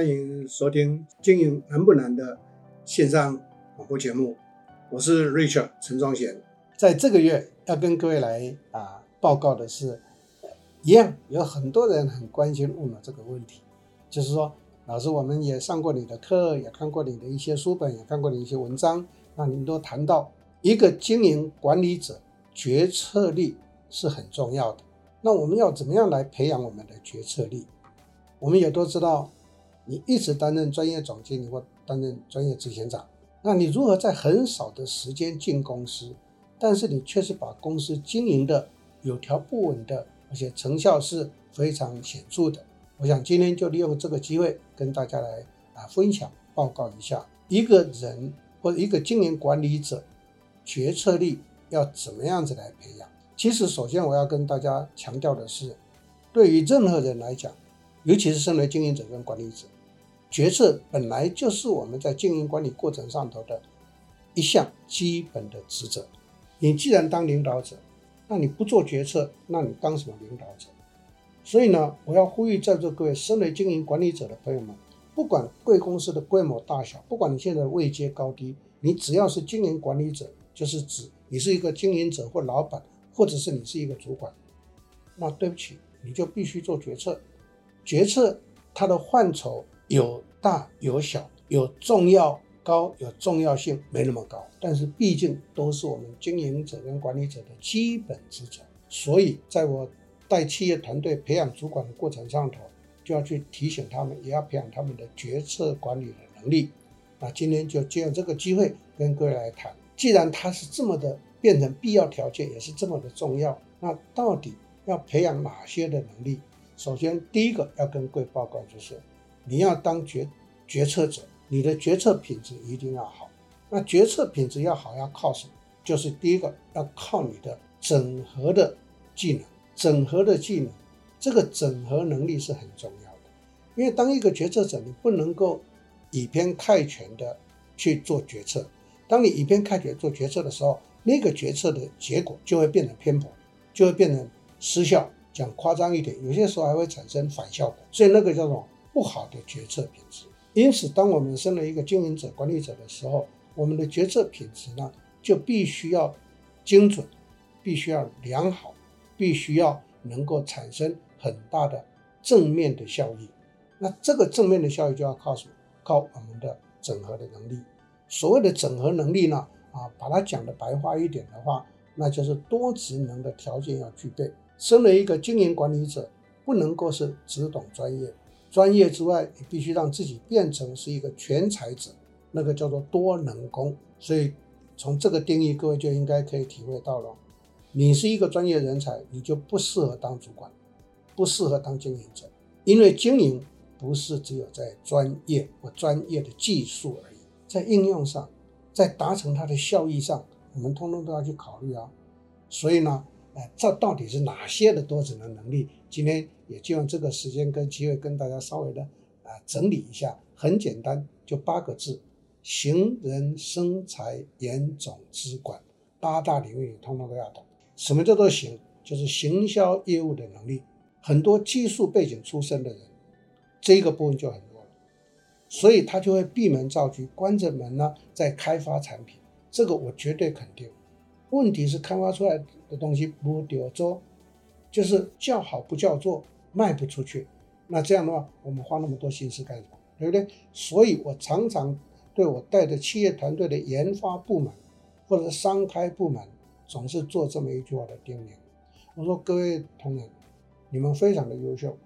歡迎收聽《經營難不難》的線上廣播節目，我是 Rachel 陳宗賢。在這個月要跟各位來啊報告的是，一樣有很多人很關心問了這個問題，就是說老師，我們也上過你的課，也看過你的一些書本，也看過你的一些文章，那你們都談到一個經營管理者決策力是很重要的。那我們要怎麼樣來培養我們的決策力？我們也都知道。你一直擔任專業總經理或擔任專業執行長，那你如何在很少的時間進公司，但是你卻是把公司經營的有條不紊，的，而且成效是非常顯著的？我想今天就利用這個機會跟大家來啊分享、報告一下，一個人或者一個經營管理者，決策力要怎麼樣子來培養？其實，首先我要跟大家強調的是，對於任何人來講，尤其是身為經營者跟管理者，決策本來就是我們在經營管理過程上頭的一項基本的職責。你既然當領導者，那你不做決策，那你當什麼領導者？所以呢，我要呼籲在座各位身為經營管理者的朋友們，不管貴公司的規模大小，不管你現在的位階高低，你只要是經營管理者，就是指你是一個經營者或老闆，或者是你是一個主管，那對不起，你就必須做決策。決策它的範疇，有大有小，有重要高有重要性沒那麼高，但是畢竟都是我們經營者跟管理者的基本職責，所以在我帶企業團隊培養主管的過程上頭，就要去提醒他們，也要培養他們的決策管理的能力。那今天就借用這個機會跟各位來談，既然它是這麼的變成必要條件，也是這麼的重要，那到底要培養哪些的能力？首先第一個要跟各位報告就是。你要當決決策者，你的決策品質一定要好。那決策品質要好要靠什麼？就是第一個要靠你的整合的技能，整合的技能，這個整合能力是很重要的。因為當一個決策者，你不能夠以偏概全的去做決策。當你以偏概全做決策的時候，那個決策的結果就會變得偏頗，就會變得失效。講誇張一點，有些時候還會產生反效果。所以那個叫做什麼？不好的決策品質。因此，當我們身為一個經營者、管理者的時候，我們的決策品質呢，就必須要精準，必須要良好，必須要能夠產生很大的正面的效益。那這個正面的效益就要靠什麼？靠我們的整合的能力。所謂的整合能力呢，啊，把它講得白話一點的話，那就是多職能的條件要具備。身為一個經營管理者，不能夠是只懂專業。專業之外，你必須讓自己變成是一個全才者，那個叫做多能工。所以從這個定義，各位就應該可以體會到了，你是一個專業人才，你就不適合當主管，不適合當經營者，因為經營不是只有在專業或專業的技術而已，在應用上，在達成它的效益上，我們通通都要去考慮啊。所以呢。哎、啊，這到底是哪些的多職能的能力？今天也就用這個時間跟機會跟大家稍微的啊整理一下，很簡單，就八個字：行、人、生、財、研、總、資、管，八大領域通通都要懂。什麼叫做行？就是行銷業務的能力。很多技術背景出身的人，這個部分就很多了，所以他就會閉門造車，關着門呢在開發產品。這個我絕對肯定。問題是開發出來的東西不叫座，就是叫好不叫座，賣不出去。那這樣的話，我們花那麼多心思幹什麼？對不對？所以我常常對我帶的企業團隊的研發部門或者商開部門，總是做這麼一句話的叮嚀：我說各位同仁，你們非常的優秀，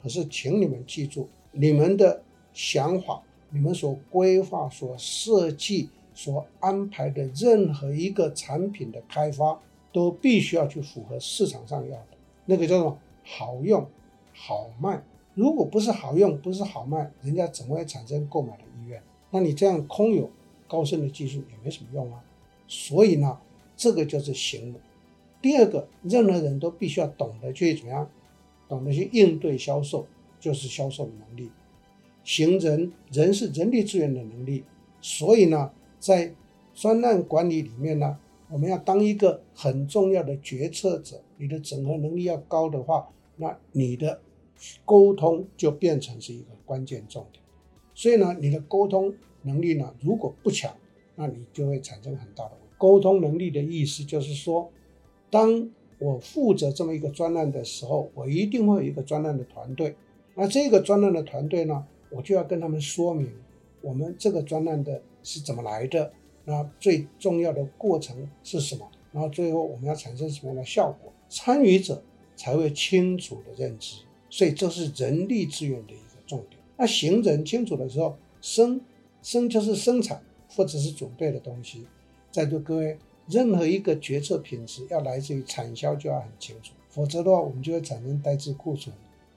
可是請你們記住，你們的想法、你們所規劃、所設計。所安排的任何一個產品的開發，都必須要去符合市場上要的那個叫做好用、好賣。如果不是好用，不是好賣，人家怎麼會產生購買的意願？那你這樣空有高深的技術也沒什麼用啊。所以呢，這個就是行。第二個，任何人都必須要懂得去怎麼樣，懂得去應對銷售，就是銷售的能力；行人，人是人力資源的能力。所以呢。在專案管理裡面呢，我們要當一個很重要的決策者，你的整合能力要高的話，那你的溝通就變成是一個關鍵重點。所以呢，你的溝通能力呢，如果不強，那你就會產生很大的問題。溝通能力的意思就是說，當我負責這麼一個專案的時候，我一定會有一個專案的團隊，那這個專案的團隊呢，我就要跟他們說明，我們這個專案的。是怎麼來的？那最重要的過程是什麼？然後最後我們要產生什麼樣的效果？參與者才會清楚地認知，所以這是人力資源的一個重點。那行銷清楚的時候，生生就是生產或者是準備的東西，在座各位任何一個決策品質要來自於產銷就要很清楚，否則的話我們就會產生呆滯庫存，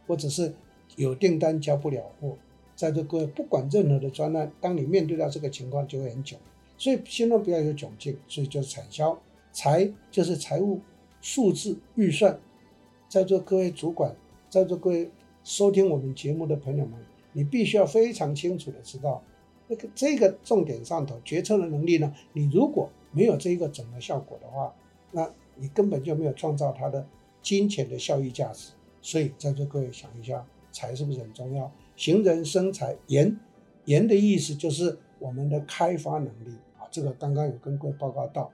或者是有訂單交不了貨。在座各位，不管任何的專案，當你面對到這個情況，就會很窘。所以，千萬不要有窘境。所以就是產銷，財就是財務、數字、預算。在座各位主管，在座各位收聽我們節目的朋友們，你必須要非常清楚的知道，那個這個重點上頭決策的能力呢？你如果沒有這一個整合效果的話，那你根本就沒有創造它的金錢的效益價值。所以，在座各位想一下，財是不是很重要？行人生財研。研的意思就是我們的開發能力啊，這個剛剛有跟各位報告到。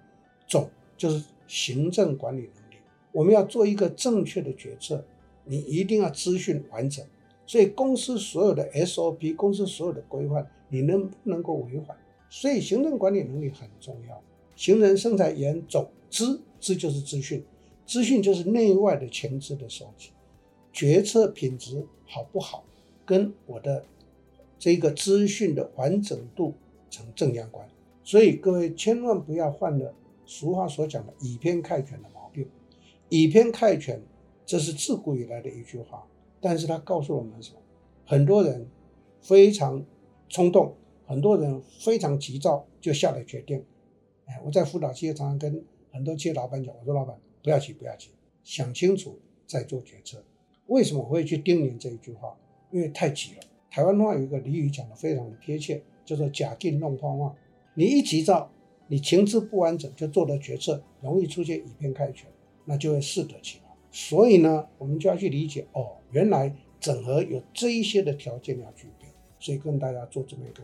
總就是行政管理能力。我們要做一個正確的決策，你一定要資訊完整。所以公司所有的 SOP，公司所有的規範，你能不能夠違反，所以行政管理能力很重要。行人生財研、總、資，資就是資訊，資訊就是內外的前置的收集，決策品質好不好，跟我的這個資訊的完整度成正相關，所以各位千萬不要患了俗話所講的以偏概全的毛病。以偏概全，這是自古以來的一句話，但是它告訴我們什麼？很多人非常衝動，很多人非常急躁，就下了決定。哎，我在輔導企業常常跟很多企業老闆講：“我說老闆，不要急，不要急，想清楚再做決策。”為什麼我會去叮嚀這一句話？因為太急了，台灣話有一個俚語講得非常的貼切，叫、就、做、是“假進弄慌話”。你一急躁，你情志不完整就做了決策，容易出現以偏概全，那就會適得其反。所以呢，我們就要去理解哦，原來整合有這一些的條件要具備。所以跟大家做這麼一個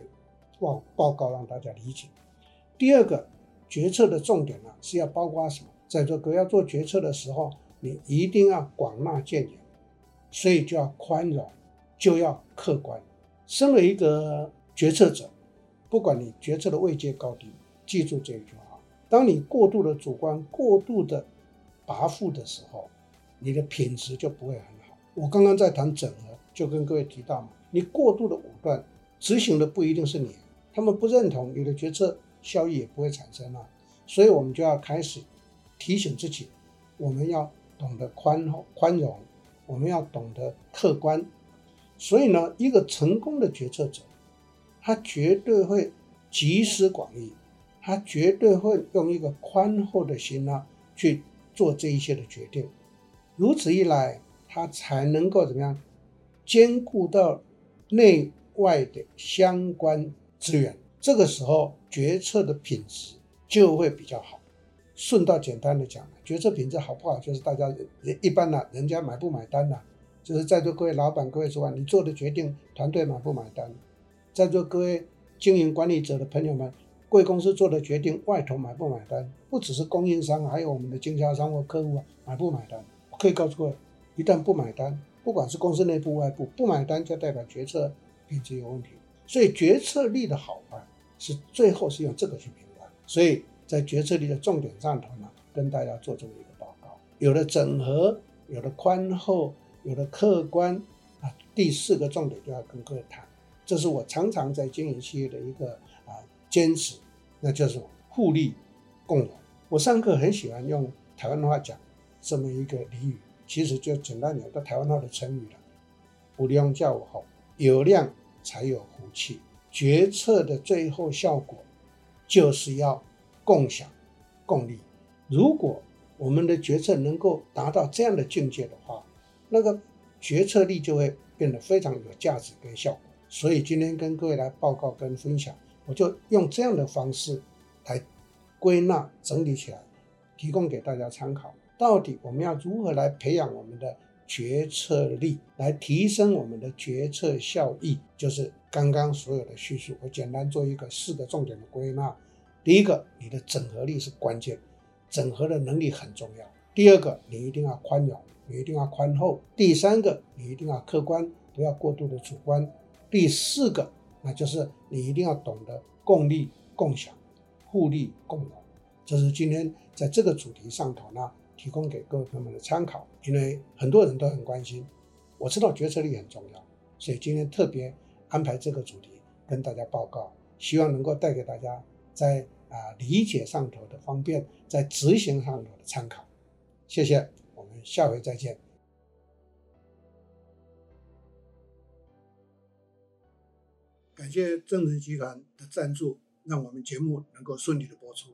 報報告，讓大家理解。第二個決策的重點呢、啊、是要包括什麼？在做，這個要做決策的時候，你一定要廣納諫言，所以就要寬容。就要客觀。身為一個決策者，不管你決策的位階高低，記住這一句話：當你過度的主觀、過度的跋扈的時候，你的品質就不會很好。我剛剛在談整合，就跟各位提到嘛，你過度的武斷，執行的不一定是你，他們不認同你的決策，效益也不會產生啊。所以，我們就要開始提醒自己：我們要懂得寬寬容，我們要懂得客觀。所以呢，一個成功的決策者，他絕對會集思廣益，他絕對會用一個寬厚的心呢、啊、去做這一些的決定。如此一來，他才能夠怎麼樣兼顧到內外的相關資源。這個時候，決策的品質就會比較好。順道簡單的講，決策品質好不好，就是大家一般呢、啊，人家買不買單呢、啊？就是在座各位老闆各位之外，你做的決定，團隊買不買單？在座各位經營管理者的朋友們，貴公司做的決定，外頭買不買單？不只是供應商，還有我們的經銷商或客戶啊，買不買單？我可以告訴各位，一旦不買單，不管是公司內部外部，不買單就代表決策品質有問題。所以決策力的好壞，是最後是用這個去評判。所以在決策力的重點上頭呢，跟大家做這麼一個報告：有了整合，有了寬厚。有了客觀啊，第四個重點就要跟各位談，這是我常常在經營企業的一個啊堅持，那就是互利共贏。我上課很喜歡用台灣話講這麼一個俚語，其實就簡單兩個台灣話的成語了，無量叫無好，有量才有福氣。決策的最後效果就是要共享、共利。如果我們的決策能夠達到這樣的境界的話，那個決策力就會變得非常有價值跟效果，所以今天跟各位來報告跟分享，我就用這樣的方式來歸納整理起來，提供給大家參考。到底我們要如何來培養我們的決策力，來提升我們的決策效益？就是剛剛所有的敘述，我簡單做一個四個重點的歸納。第一個，你的整合力是關鍵，整合的能力很重要。第二個，你一定要寬容，你一定要寬厚；第三個，你一定要客觀，不要過度的主觀；第四個，那就是你一定要懂得共利、共享、互利、共榮。這是今天在這個主題上頭呢，提供給各位朋友們的參考，因為很多人都很關心。我知道決策力很重要，所以今天特別安排這個主題跟大家報告，希望能夠帶給大家在啊、呃、理解上頭的方便，在執行上頭的參考。謝謝，我們下回再見。感謝正成集團的贊助，讓我們節目能夠順利的播出。